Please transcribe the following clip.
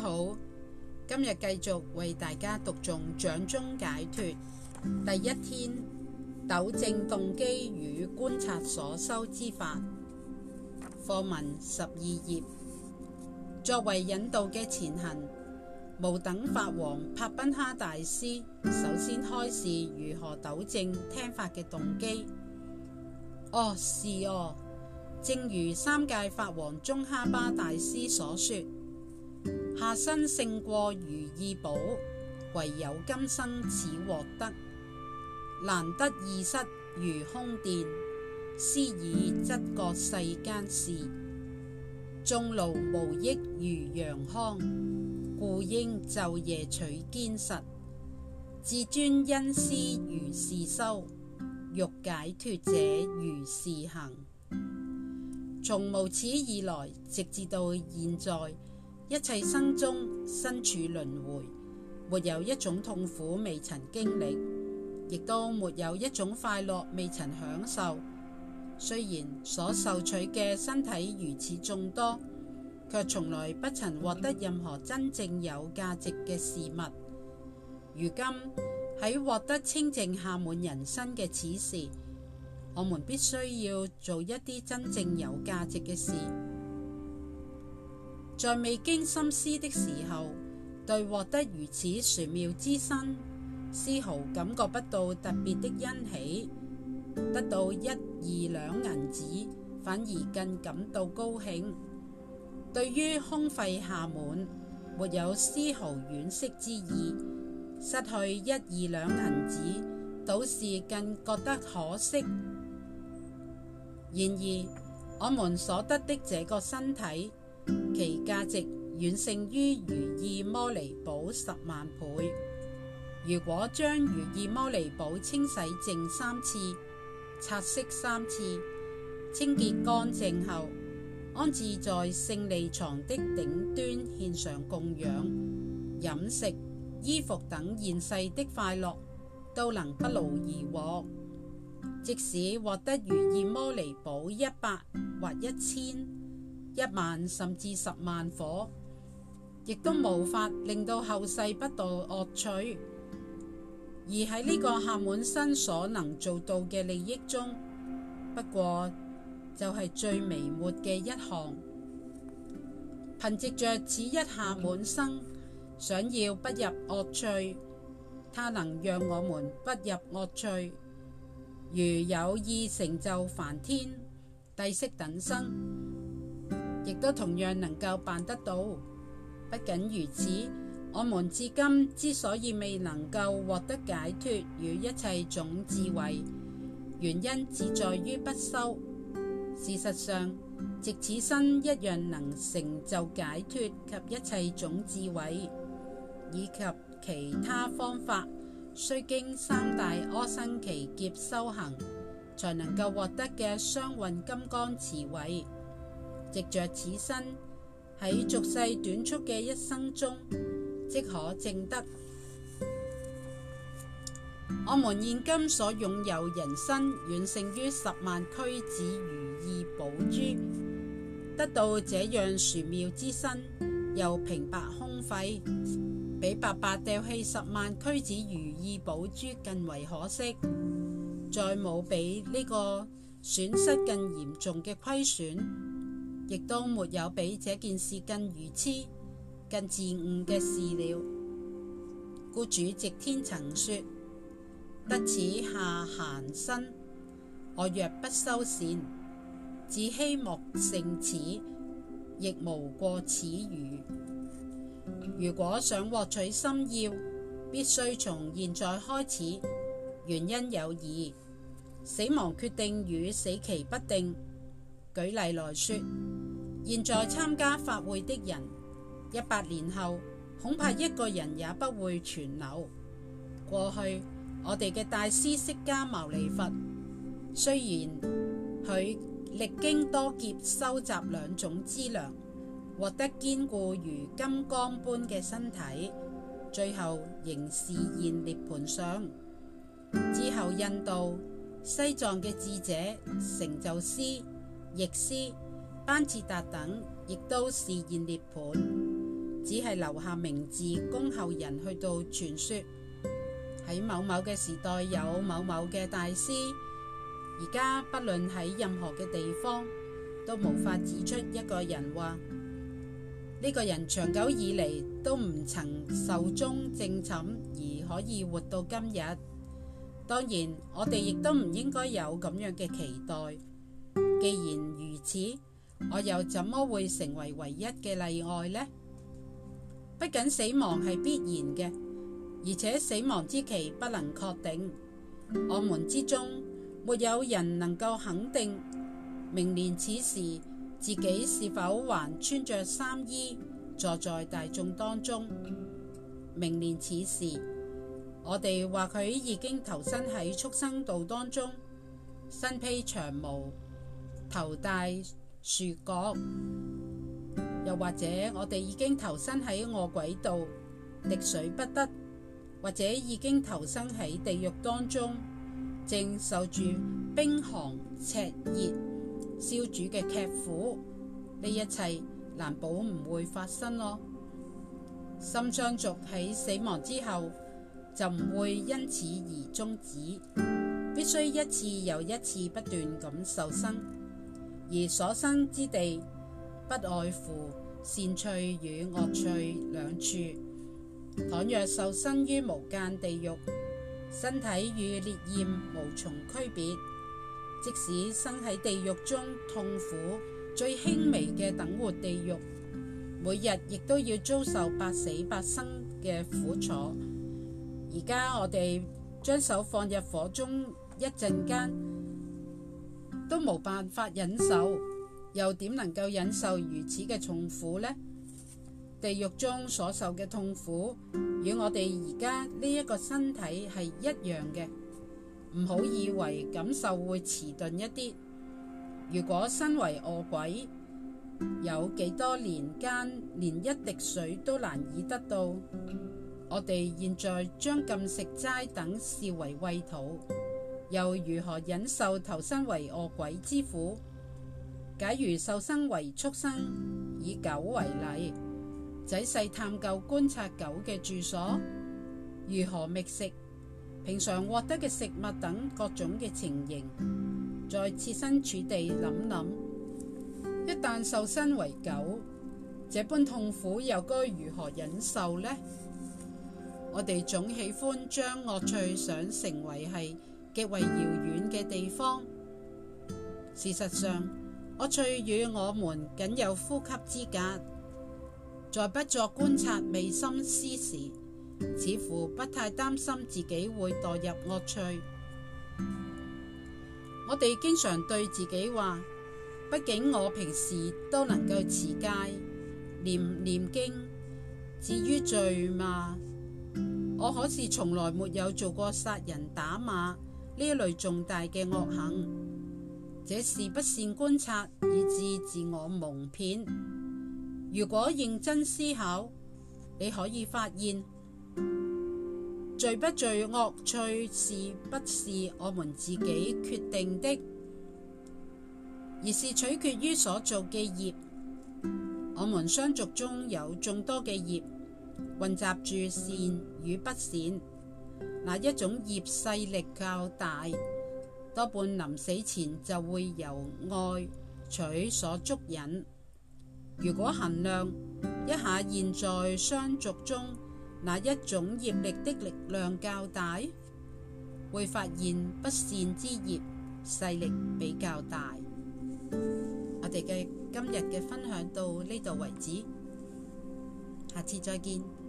好，今日繼續為大家讀誦《掌中解脱》第一天，糾正動機與觀察所修之法課文十二頁。作為引導嘅前行，無等法王帕賓哈大師首先開示如何糾正聽法嘅動機。哦，是哦，正如三界法王中哈巴大師所說。下身勝過如意寶，唯有今生始獲得，難得易失如空電，思已則覺世間事，眾勞無益如陽康，故應晝夜取堅實，自尊恩師如是修，欲解脫者如是行，從無始以來，直至到現在。一切生中身處輪迴，沒有一種痛苦未曾經歷，亦都沒有一種快樂未曾享受。雖然所受取嘅身體如此眾多，卻從來不曾獲得任何真正有價值嘅事物。如今喺獲得清淨暇滿人生嘅此時，我們必須要做一啲真正有價值嘅事。在未經心思的時候，對獲得如此玄妙之身，絲毫感覺不到特別的欣喜；得到一二兩銀子，反而更感到高興。對於空費下滿，沒有絲毫惋惜之意；失去一二兩銀子，倒是更覺得可惜。然而，我們所得的這個身體，其價值遠勝於如意摩尼寶十萬倍。如果將如意摩尼寶清洗淨三次、擦拭三次、清潔乾淨後，安置在勝利床的頂端，獻上供養、飲食、衣服等現世的快樂，都能不勞而獲。即使獲得如意摩尼寶一百或一千。一萬甚至十萬火，亦都無法令到後世不墮惡趣。而喺呢個下滿身所能做到嘅利益中，不過就係最微末嘅一項。憑藉着此一下滿身，想要不入惡趣，它能讓我們不入惡趣。如有意成就梵天、帝釋等生。亦都同樣能夠辦得到。不僅如此，我們至今之所以未能夠獲得解脱與一切種智慧，原因只在於不修。事實上，藉此身一樣能成就解脱及一切種智慧，以及其他方法，須經三大阿僧祇劫修行，才能夠獲得嘅雙運金剛智慧。藉著此身喺俗世短促嘅一生中，即可證得。我們現今所擁有人身，遠勝於十萬區子如意寶珠。得到這樣殊妙之身，又平白空費，比白白丟棄十萬區子如意寶珠更為可惜。再冇比呢個損失更嚴重嘅虧損。亦都沒有比這件事更愚痴、更自誤嘅事了。故主席天曾說：得此暇閒身，我若不修善，自欺莫勝此，亦無過此愚。如果想獲取心要，必須從現在開始。原因有二：死亡決定與死期不定。舉例來說。現在參加法會的人，一百年後恐怕一個人也不會存留。過去我哋嘅大師釋迦牟尼佛，雖然佢歷經多劫收集兩種資糧，獲得堅固如金剛般嘅身體，最後仍示現涅槃相。之後，印度、西藏嘅智者、成就師、譯師。班哲達等亦都示現涅槃，只係留下名字供後人去到傳說，喺某某嘅時代有某某嘅大師。而家不論喺任何嘅地方，都無法指出一個人話呢個人長久以嚟都唔曾壽終正寢而可以活到今日。當然，我哋亦都唔應該有咁樣嘅期待。既然如此。我又怎麼會成為唯一嘅例外呢？不僅死亡係必然嘅，而且死亡之期不能確定。我們之中沒有人能夠肯定明年此時自己是否還穿着三衣坐在大眾當中。明年此時，我哋或許已經投身喺畜生道當中，身披長毛，頭戴樹角，又或者我哋已經投身喺餓鬼道，滴水不得；或者已經投身喺地獄當中，正受住冰寒赤熱燒煮嘅劇苦，呢一切難保唔會發生咯。心相續喺死亡之後，就唔會因此而終止，必須一次又一次不斷咁受生。而所生之地不外乎善趣與惡趣兩處。倘若受身於無間地獄，身體與烈焰無從區別。即使生喺地獄中痛苦最輕微嘅等活地獄，每日亦都要遭受百死百生嘅苦楚。而家我哋將手放入火中一陣間。都冇辦法忍受，又點能夠忍受如此嘅痛苦呢？地獄中所受嘅痛苦與我哋而家呢一個身體係一樣嘅，唔好以為感受會遲鈍一啲。如果身為餓鬼，有幾多年間連一滴水都難以得到，我哋現在將禁食齋等視為畏途。又如何忍受投身為惡鬼之苦？假如受生為畜生，以狗為例，仔細探究觀察狗嘅住所，如何覓食，平常獲得嘅食物等各種嘅情形，再設身處地諗諗，一旦受身為狗，這般痛苦又該如何忍受呢？我哋總喜歡將惡趣想成為係。極為遙遠嘅地方，事實上，惡趣與我們僅有呼吸之隔。在不作觀察、未心思時，似乎不太擔心自己會墮入惡趣。我哋經常對自己話：畢竟我平時都能夠持戒、念念經，至於罪嘛，我可是從來沒有做過殺人打罵。呢類重大嘅惡行，這是不善觀察以致自我蒙騙。如果認真思考，你可以發現，罪不罪惡趣是不是我們自己決定的，而是取決於所做嘅業。我們相續中有眾多嘅業，混雜住善與不善。哪一種業勢力較大，多半臨死前就會由愛取所捉引。如果衡量一下現在相續中哪一種業力的力量較大，會發現不善之業勢力比較大。我哋嘅今日嘅分享到呢度為止，下次再見。